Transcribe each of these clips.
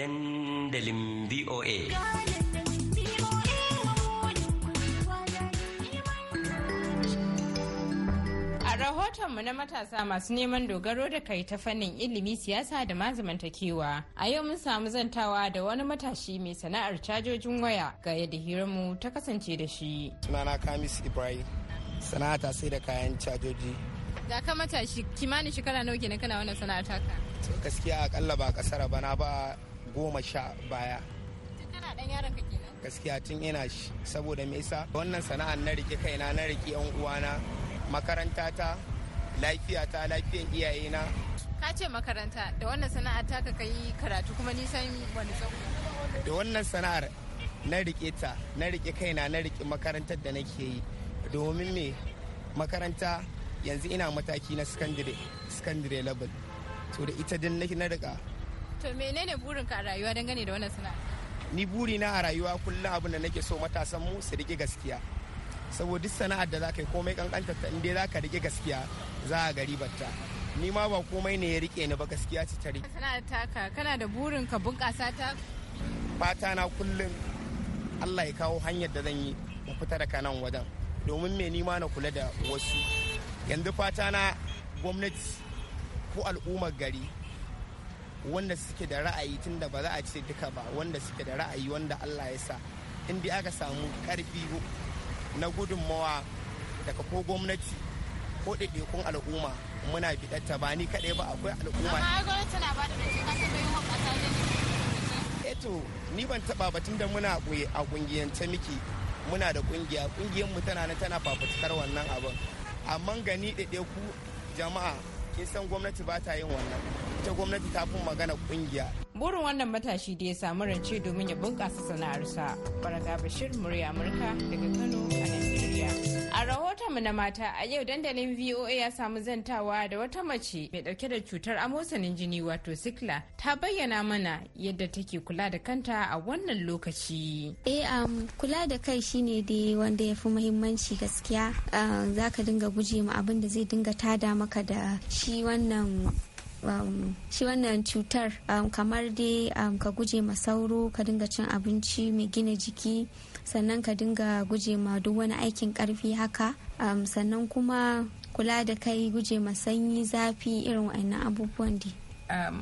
dandalin VOA. A rahotonmu na matasa masu neman dogaro da kai ta fannin ilimi siyasa da mazamantakewa. A yau mun samu zantawa da wani matashi mai sana'ar cajojin waya ga yadda hiranmu ta kasance da shi. Sunana Kamis Ibrahim, sana'ata sai da kayan cajoji. da ka matashi kimanin shekara nawa kenan kana wannan sana'ar taka? gaskiya akalla ba kasara bana ba goma sha baya gaskiya tun ina shi saboda me yasa wannan sana'ar na rike kaina na rike yan uwana makaranta ta lafiya ta lafiyan na ka ce makaranta da wannan sana'ar ta ka kai karatu kuma nisan wani tsawo da wannan sana'ar na rike ta na rike kaina na rike makarantar da nake yi domin me makaranta yanzu ina mataki na secondary secondary level to da ita din na rika To menene burinka a rayuwa dangane da wannan sana'a? Ni buri na a rayuwa kullum abin da nake so matasan mu su rike gaskiya. Saboda duk sana'ar da zaka yi komai kankanta ta inda zaka rike gaskiya za a ga ribarta. Ni ma ba komai ne ya rike ni ba gaskiya ci ta rike. Sana'ar taka kana da burin ka bunƙasa ta? Fata na kullum Allah ya kawo hanyar da zan yi na fita daga nan wajen. Domin me nima na kula da wasu. Yanzu fata na gwamnati ko al'ummar gari wanda suke da ra'ayi tunda ba za a ce duka ba wanda suke da ra'ayi wanda Allah ya sa in dai aka samu karfi na gudunmawa daga ko gwamnati ko ɗaiɗaikun al'umma muna biɗatta ba ni kaɗai ba akwai al'umma amma gwamnati tana ba da rance ka taɓa yin wakata eto eh ni ban taɓa tun da muna a ƙungiyance miki muna da ƙungiya ƙungiyar mu tana na tana fafutukar wannan abin amma gani ɗaiɗaiku jama'a kin san gwamnati ba ta yin wannan ita gwamnati ta fi magana kungiya burin wannan matashi da ya samu rance domin ya bunƙasa sana'arsa baraga bashir murya amurka daga kano a nigeria a rahotonmu na mata a yau dandalin voa ya samu zantawa da wata mace mai dauke da cutar amosanin jini wato sikla ta bayyana mana yadda take kula da kanta a wannan lokaci eh um, kula da kai shine da wanda ya fi muhimmanci gaskiya uh, ah, za ka dinga guje ma abin da zai dinga tada maka da shi wannan Um, shi wannan cutar um, kamar dai um, ka guje ma sauro ka dinga cin abinci mai gina jiki sannan ka dinga guje ma duk wani aikin karfi haka sannan kuma kula da kai guje ma sanyi zafi irin wa'annan abubuwan dai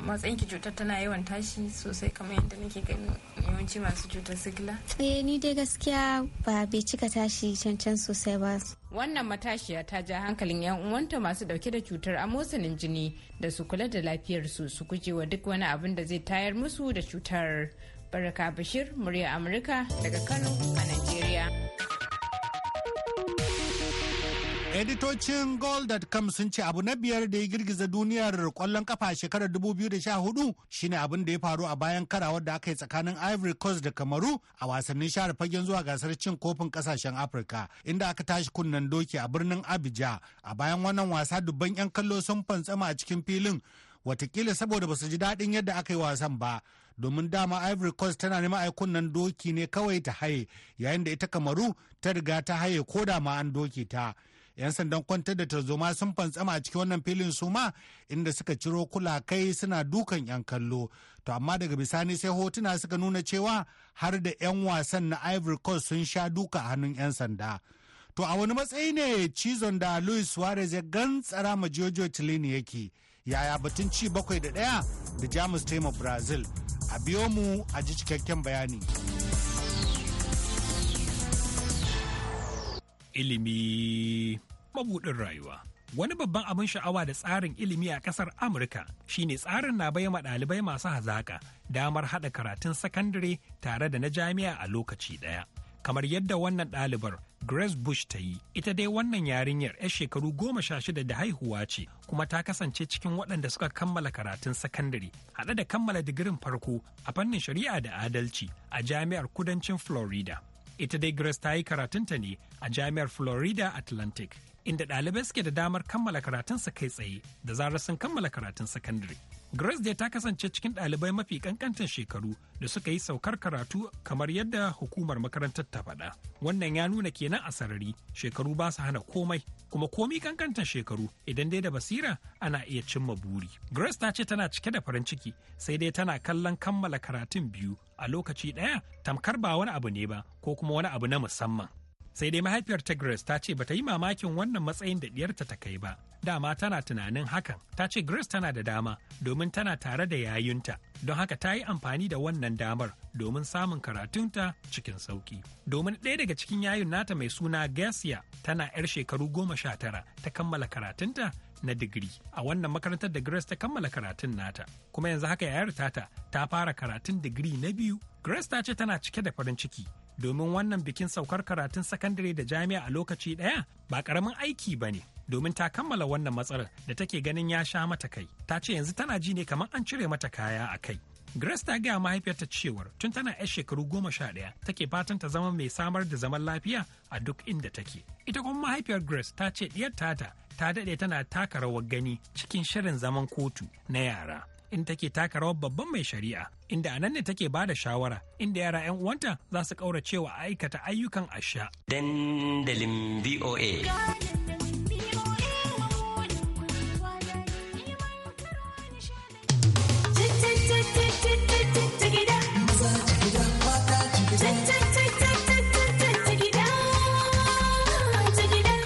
matsayin ki cutar tana yawan tashi sosai kamar yadda nake ganin yawanci masu cutar sigila? Eh ni dai gaskiya ba bai cika tashi cancan sosai ba. Wannan matashiya ta ja hankalin 'yan uwanta masu dauke da cutar amosanin jini da su kula da lafiyarsu su guje wa duk wani abin da zai tayar musu da cutar. Baraka Bashir, murya Amurka daga Kano a Najeriya. editocin goal.com sun ce abu na biyar da ya girgiza duniyar kwallon kafa shekarar 2014 shine abin da ya faru a bayan karawar da aka yi tsakanin ivory coast da kamaru a wasannin share fagen zuwa gasar cin kofin kasashen afirka inda aka tashi kunnen doki a birnin abuja a bayan wannan wasa dubban 'yan kallo sun fantsama a cikin filin watakila saboda ba su ji daɗin yadda aka yi wasan ba domin dama ivory coast tana neman aikun kunnen doki ne kawai ta haye yayin da ita kamaru ta riga ta haye ko da ma an doki ta 'yan sandan kwantar da tarzoma sun fantsama a cikin wannan filin suma inda suka ciro kula kai suna dukan 'yan kallo to amma daga bisani sai hotuna suka nuna cewa har da 'yan wasan na ivory coast sun sha duka hannun 'yan sanda to a wani matsayi ne cizon da louis suarez ya gantsara ma jojo chilini yake yaya batun ci bakwai da daya da jamus taimar brazil a biyo mu a ji cikakken bayani. ilimi mabudin rayuwa. Wani babban abin sha'awa da tsarin ilimi a ƙasar Amurka shi ne tsarin na bai ma ɗalibai masu hazaƙa damar haɗa karatun sakandare tare da na jami'a a lokaci ɗaya. Kamar yadda wannan ɗalibar Grace Bush ta yi, ita dai wannan yarinyar 'yar shekaru goma sha shida da haihuwa ce, kuma ta kasance cikin waɗanda suka kammala karatun sakandare, haɗe da kammala digirin farko a fannin shari'a da adalci a jami'ar kudancin Florida. Ita dai Grace ta yi karatunta ne a Jami'ar Florida Atlantic inda ɗalibai suke da damar kammala karatun karatunsa kai tsaye da zarar sun kammala karatun sakandare. Grace dai ta kasance cikin ɗalibai mafi ƙanƙantan shekaru da suka yi saukar karatu kamar yadda hukumar makarantar ta faɗa. Wannan ya nuna kenan a sarari shekaru ba su hana komai kuma komi kankantan shekaru idan dai da basira ana iya cimma buri. Grace ta ce tana cike da farin ciki sai dai tana kallon kammala karatun biyu a lokaci ɗaya tamkar ba wani abu ne ba ko kuma wani abu na musamman. sai dai mahaifiyar ta grace ta ce bata yi mamakin wannan matsayin da diyarta ta kai ba dama tana tunanin hakan ta ce grace tana da dama domin tana tare da yayunta don haka ta yi amfani da wannan damar domin samun karatunta cikin sauki domin ɗaya daga cikin yayun nata mai suna gasia tana 'yar shekaru goma sha tara ta kammala karatunta na digiri a wannan makarantar da Grace ta kammala karatun nata kuma yanzu haka yayar tata ta fara karatun digiri na biyu Grace ta ce tana cike da farin ciki domin wannan bikin saukar karatun sakandare da jami'a a lokaci ɗaya ba karamin aiki ba ne domin ta kammala wannan matsalar da take ganin ya sha mata kai ta ce yanzu tana ji ne kamar an cire mata kaya a kai Grace ta gaya mahaifiyarta cewar tun tana 'yar shekaru goma sha ɗaya take fatan ta zama mai samar da zaman lafiya a duk inda take. Ita kuma mahaifiyar Grace ta ce ɗiyar tata ta daɗe tana taka rawar gani cikin shirin zaman kotu na yara. in take taka rawar babban mai shari'a inda anan ne take bada shawara inda yara 'yan uwanta za su a aikata ayyukan asha. Dandalin VOA.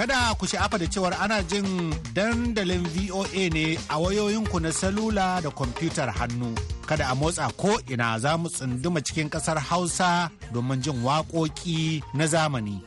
Kada ku sha'afa da cewar ana jin dandalin VOA ne a wayoyinku na salula da kwamfutar hannu. Kada a motsa ko ina za mu tsunduma cikin kasar Hausa domin jin waƙoƙi na zamani.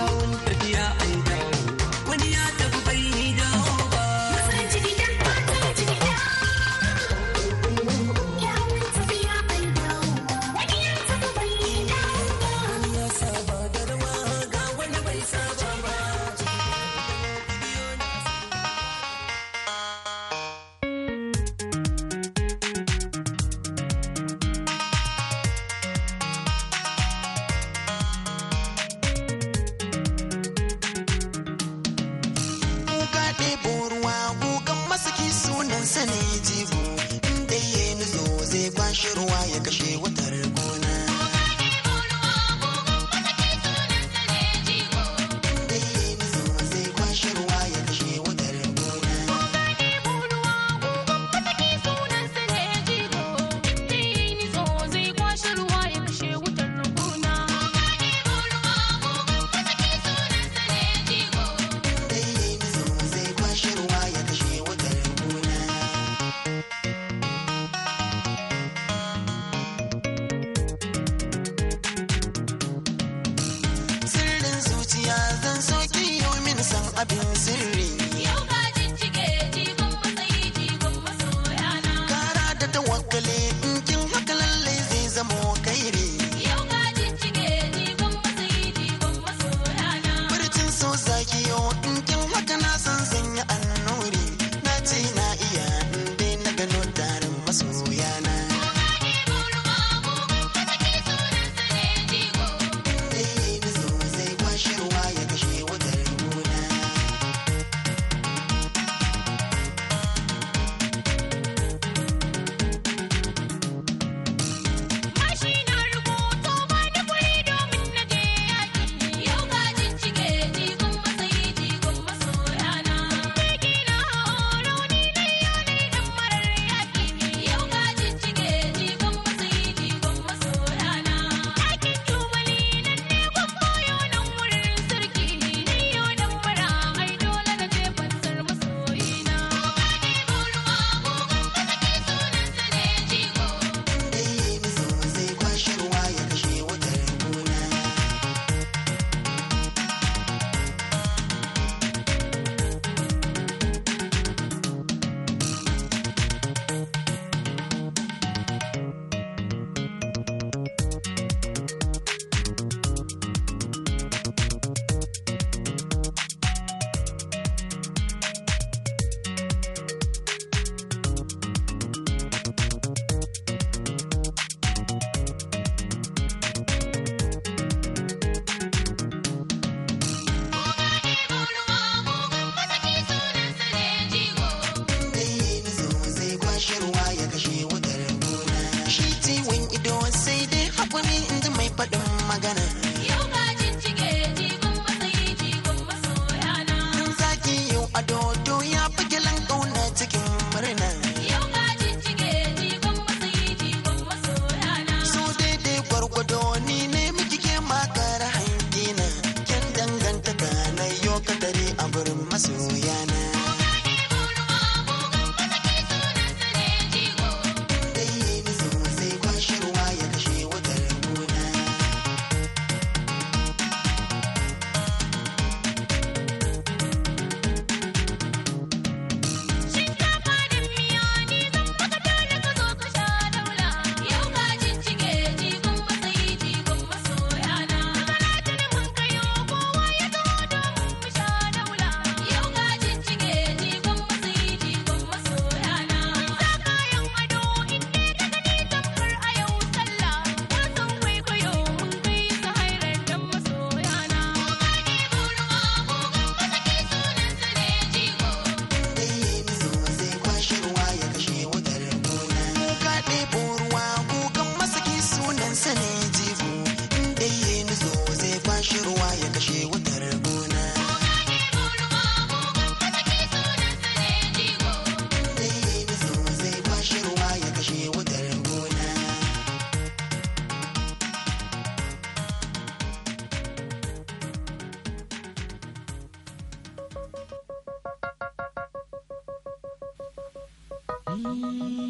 你。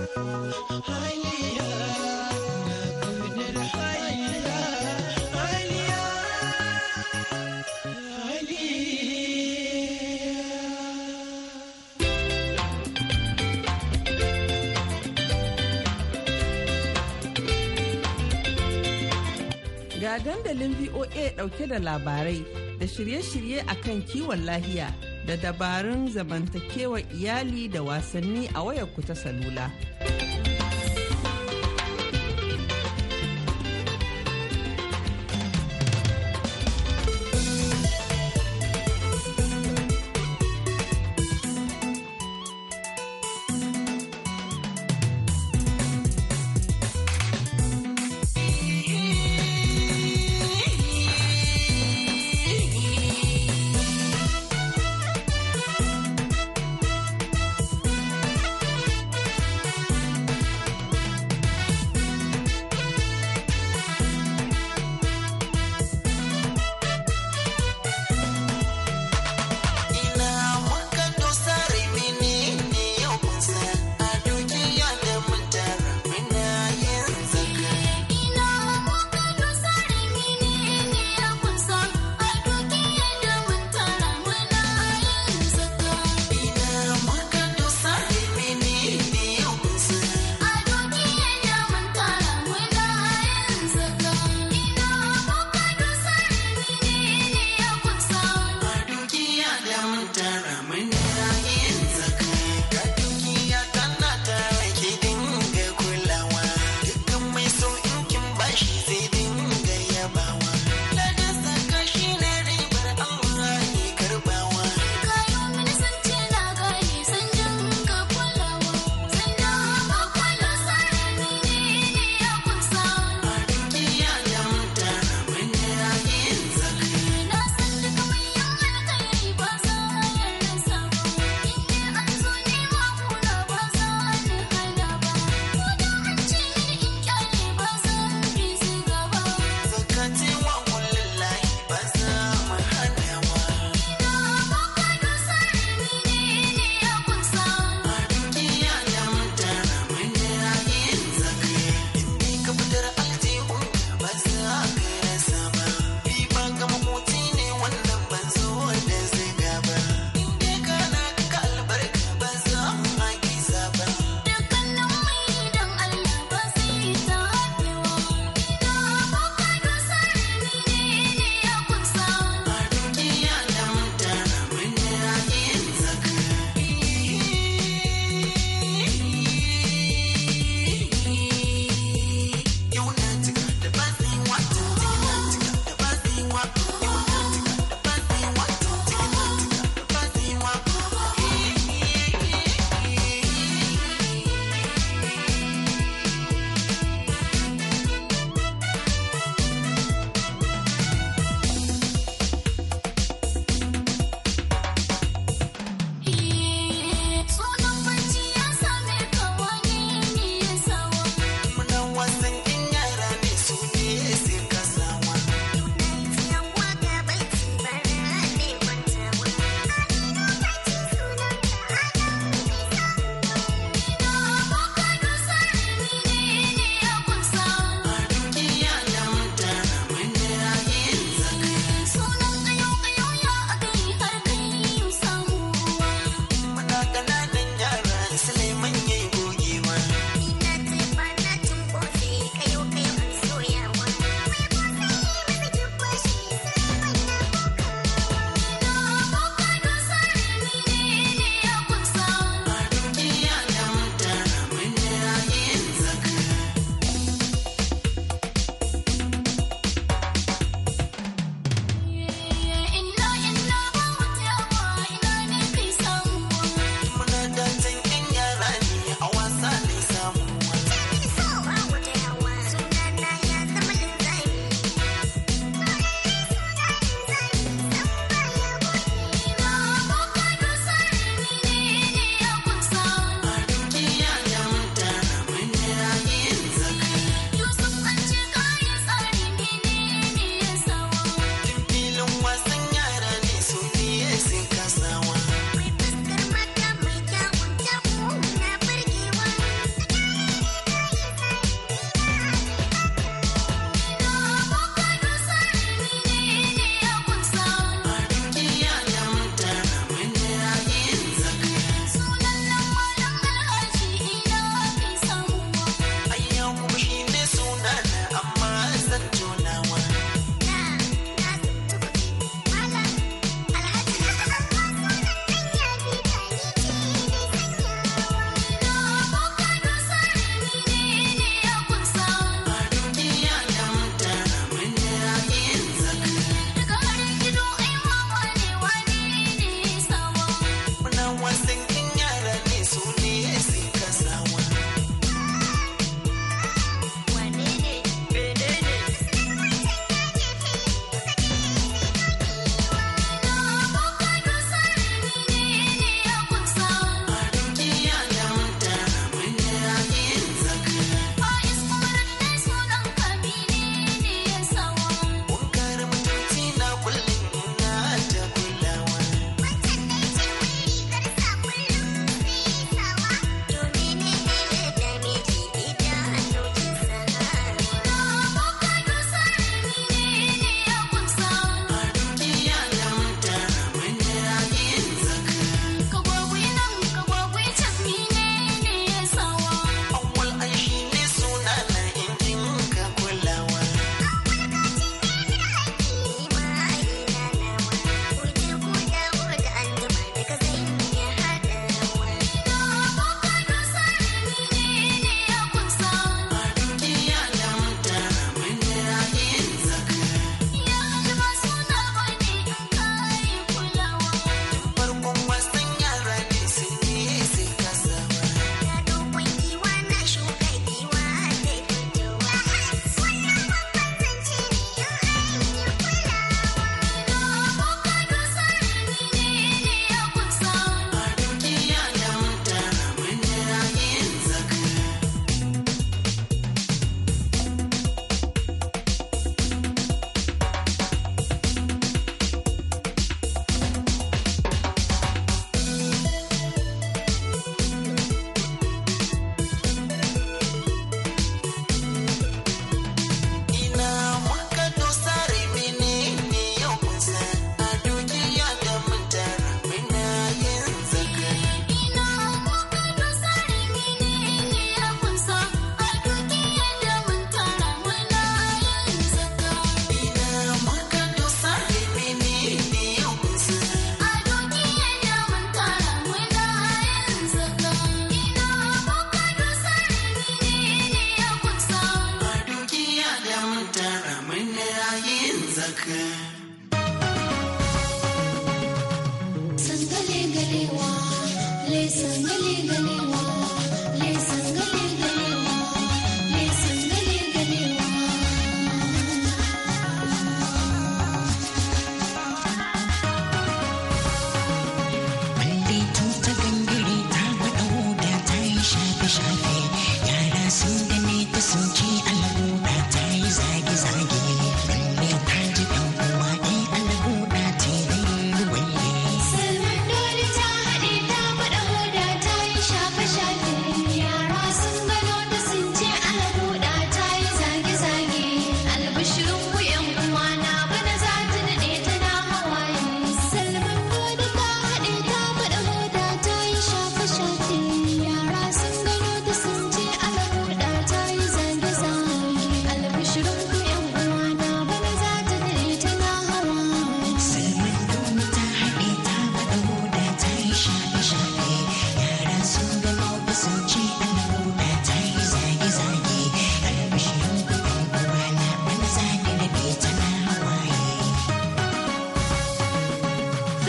ga dandalin VOA ɗauke da labarai da shirye-shirye a kan kiwon lahiya da dabarun zamantakewa iyali da wasanni a wayarku ta salula.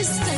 Mr.